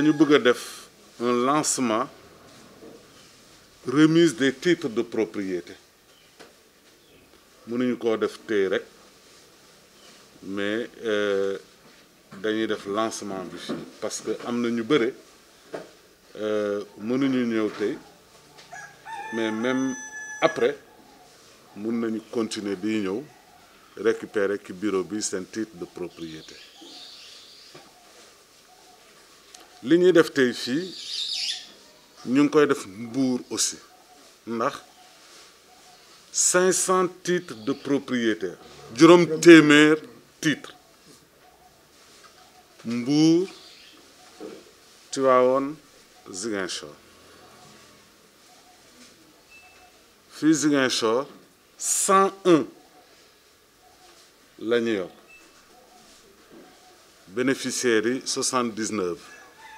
Nous bëgg fait un lancement remise des titres de propriété mënuñu koo def tey rek mais euh, dañuy un lancement bi parce que nous avons ñu bëre pouvons euh, ñëw mais même après nous nañu continuer à récupérer ci bureau bi titre de propriété li ñuy def tey fii ñu def Mbour aussi ndax cinq titres de propriétaire juróom téeméer titre Mbour Tivaouane Ziguinchor fii Ziguinchor 101. un la bénéficiaires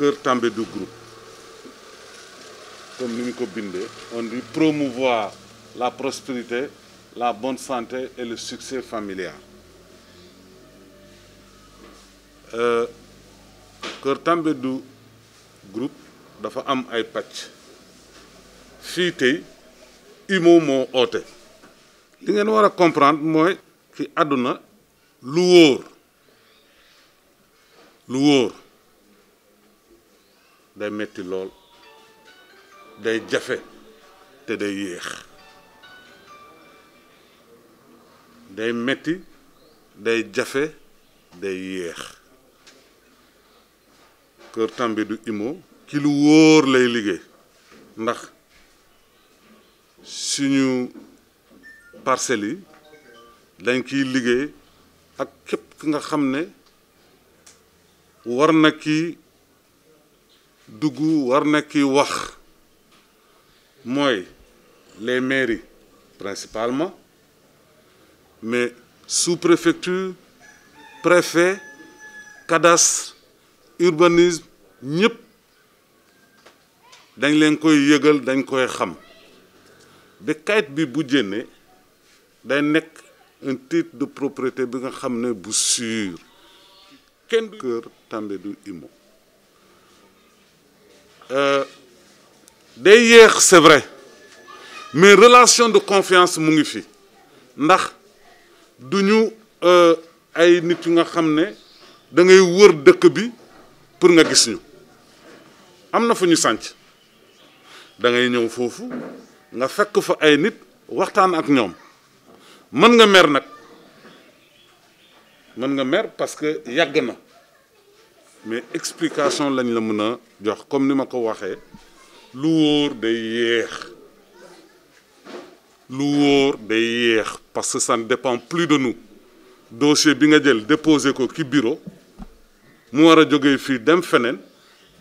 Kër groupe groupe. comme ni ñu ko on dit promouvoir la prospérité la bonne santé et le succès familial euh, Kër du groupe. dafa am ay patch. cité tey Imo moo oote li comprendre mooy ci àdduna lu wóor day metti lol day jafe té day yéx day metti day jafe day keur tambi du imo ki lu wor lay liggé ndax suñu parcelles yi dañ ki liggé ak képp ki nga xamné ne war na ki Dugu ki les mairies principalement mais sous-préfecture préfet cadastre urbanisme ñëpp dañ leen koy yëgal dañ koy xam kait bi bu day un titre de propriété bi nga bu sûr Euh, day yéex c'est vrai mais relation de confiance mu ngi fi ndax du ñu euh, ay nit yu nga xam ne da ngay wër dëkk bi pour nga gis ñu am na fu ñu sànc da ngay ñëw foofu nga fekk fa ay nit waxtaan ak ñoom mën nga mer nag mën nga mer parce que yàgg na mais explication lañ la mën jox comme nima ma ko waxee lu wóor day yéex lu day yéex parce que ça ne dépend plus de nous dossier bi nga jël déposé ko ki bureau mu wara a fi dem fenen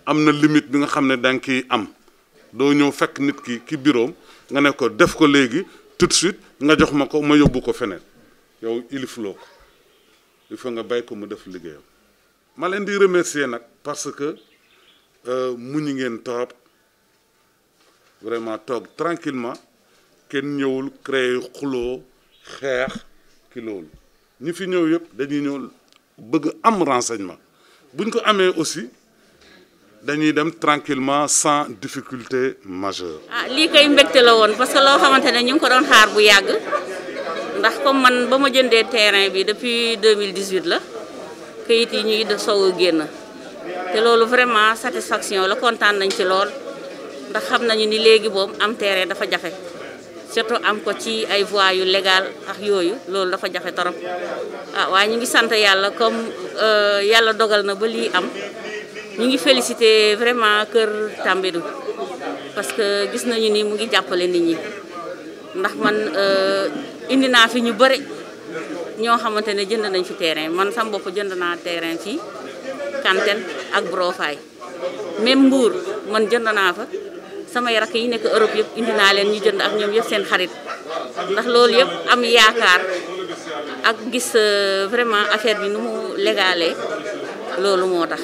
amna limite bi nga xamné ne am do ñëw fekk nit ki ki bureau nga ne ko def ko légui tout de suite nga jox mako ma yobbu ko fenen yow ilifloo ko il faut nga bay ko mu def liggéeyam ma leen di remercier nag parce que euh, muñu ngeen torop vraiment toog tranquillement kenn ñëwul créer xuloo xeex ki loolu ñi fi ñëw yëpp dañuy ñëw bëgg am renseignement buñ ko amee aussi dañuy dem tranquillement sans difficulté majeure. ah lii kay mbégte la woon parce que loo xamante ne ñu ngi ko doon xaar bu yàgg ndax comme man ba ma jëndee terrain bi depuis 2018 la. kayit yi ñuy soog a génn te loolu vraiment satisfaction la kontaan nañ ci lool ndax xam nañu ni léegi boobu am terrain dafa jafe surtout am ko ci ay voie yu légal ak yooyu loolu dafa jafe torop ah waaye ñu ngi sant yàlla comme euh, yàlla dogal na ba lii am ñu ngi félicité vraiment kër Tambédou parce que gis nañu ni mu ngi jàppale nit ñi ndax man euh, indi naa fi ñu bëri ñoo xamante ne jënd nañ fi terrain man sam bopp jënd naa terrain fii Kantel ak Brofaay même Mbour man jënd naa fa samay rakk yi nekk Europe yëpp indi naa leen ñu jënd ak ñoom yëpp seen xarit ndax loolu yëpp am yaakaar ak gis euh, vraiment affaire bi nu mu légalee loolu moo tax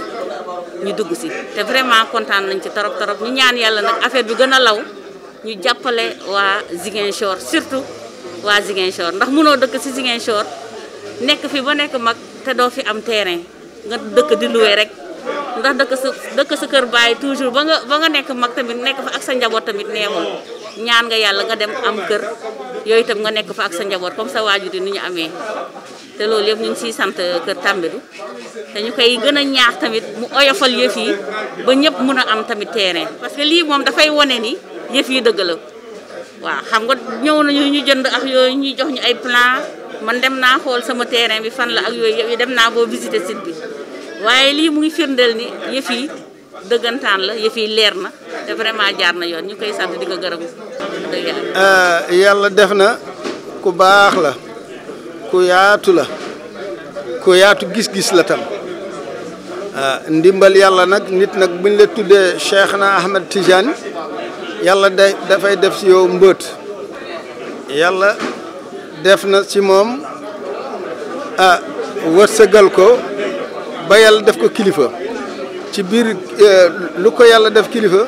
ñu dugg si te vraiment kontaan nañ ci torop torop ñu ñaan yàlla nag affaire bi gën a law ñu jàppale waa Ziguinchor surtout waa Ziguinchor ndax mënoo dëkk si Ziguinchor nekk fi ba nekk mag te doo fi am terrain nga dëkk di loué rek ndax dëkk sa dëkk sa kër bàyyi toujours ba nga ba nga nekk mag tamit nekk fa ak sa njaboot tamit neexul ñaan nga yàlla nga dem am kër yooyu itam nga nekk fa ak sa njaboot comme sa waajur yi ni ñu amee te loolu yëpp ñu ngi siy sant kër Tambédou te koy gën a ñaax tamit mu oyofal yëf ba ñëpp mun a am tamit terrain parce que lii moom dafay wone ni yëf yi dëgg la waaw xam nga ñëw nañu ñu jënd ak yooyu jox ñu ay plan man dem naa xool sama terrain bi fan la ak yooyu yëpp dem naa boo visiter site bi waaye lii muy ngi firndeel ni yëf dëggantaan la yëf yi leer na te vraiment jaar na yoon ñu koy sant di ko gërëm dëgg eh, yàlla def na ku baax la ku yaatu la ku yaatu gis-gis la tam eh, ndimbal yàlla nag nit nag buñ la tuddee Cheikh na Ahmed Tidiane yàlla day dafay def si yow mbët yàlla def na ci moom ah wërsëgal ko ba yàlla def ko kilifa ci biir eh, lu ko yàlla def kilifa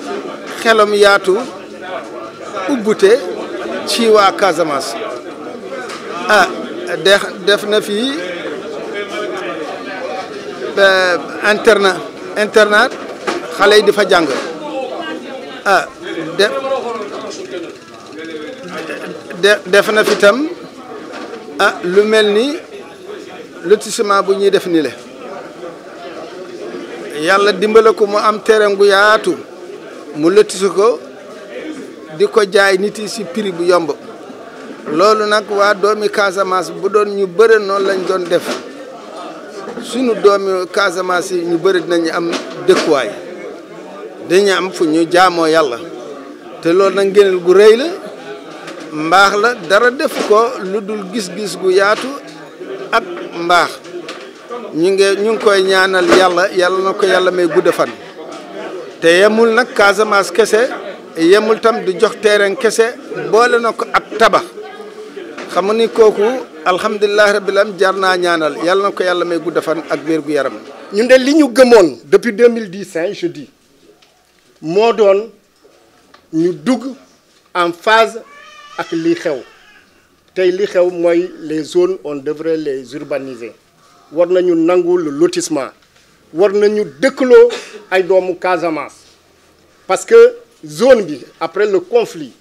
xelam yaatu ubbute ci waa Casamance ah def na fi eh, interna internat xale yi di fa jàng ah de def na fi tam ah lu mel ni lotissement bu ñuy def ni le yàlla dimbale ko mu am terrain gu yaatu mu lotise ko di ko jaay nit yi si prix bu yomb loolu nag waa doomi Casamance bu doon ñu bëre noonu lañ doon def suñu doomi Casamance yi ñu bëri dinañu am dëkkuwaay dañu am fu ñu jaamoo yàlla te loolu nag ngëneel gu rëy la mbaax la dara def ko lu dul gis-gis gu yaatu ak mbaax ñu ngi ñu ngi koy ñaanal yàlla yàlla na ko yàlla may gudd te yemul nag Casamance kese yemul tam di jox terrain kese boole na ko ak tabax xam ni kooku alhamdulilah rabbil am jar naa ñaanal yàlla na ko yàlla may gudd ak wér gu yaram. ñun de li ñu gëmoon depuis 2010 moo doon ñu dugg en phase. ak li xew tey li xew mooy les zones on devrait les urbaniser war nañu nangu le lotissement war nañu dëkkaloo ay doomu Casamance parce que zone bi après le conflit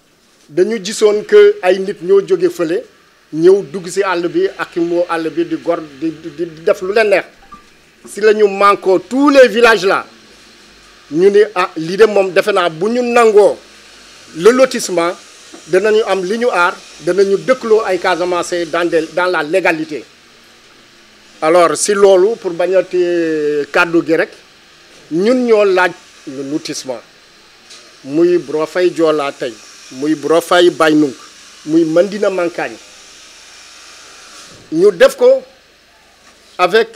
dañu gisoon que ay nit ñoo jóge fële ñëw dugg ci àll bi ak moo àll bi di gor di di def lu leen neex si la ñu manquoo tous les villages là ñu ni ah lii de moom defe naa bu ñu nangoo le lotissement danañu am li ar aar danañu dëkkloo ay Casamance dans des dans la légalité alors si loolu pour bañati kàddu gi rek ñun ñoo laaj le lotissement muy Brofay Joola tey muy Brofay Baynung muy Mandina Mankagne ñu def ko avec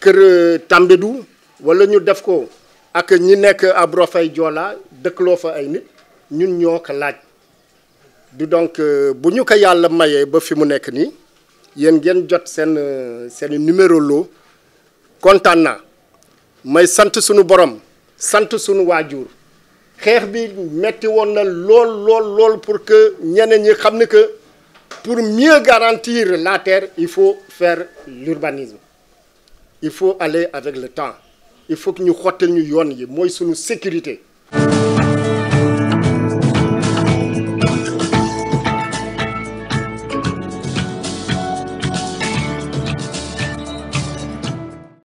Kër euh, Tambédou wala ñu def ko ak ñi nekk à Brofay Joola dëkkloo fa ay nit ñun ñoo ko laaj du donc euh, bu ñu ko yàlla mayee ba fi mu nek ni yéen ngeen jot sen euh, sen numéro loo kontaan may sante suñu borom sante suñu wajur xex bi metti woon na lol lol lool pour que ñeneen ñi xam que pour mieux garantir la terre il faut faire l'urbanisme il faut aller avec le temps il faut que ñu xottal ñu yoon yi moy suñu sécurité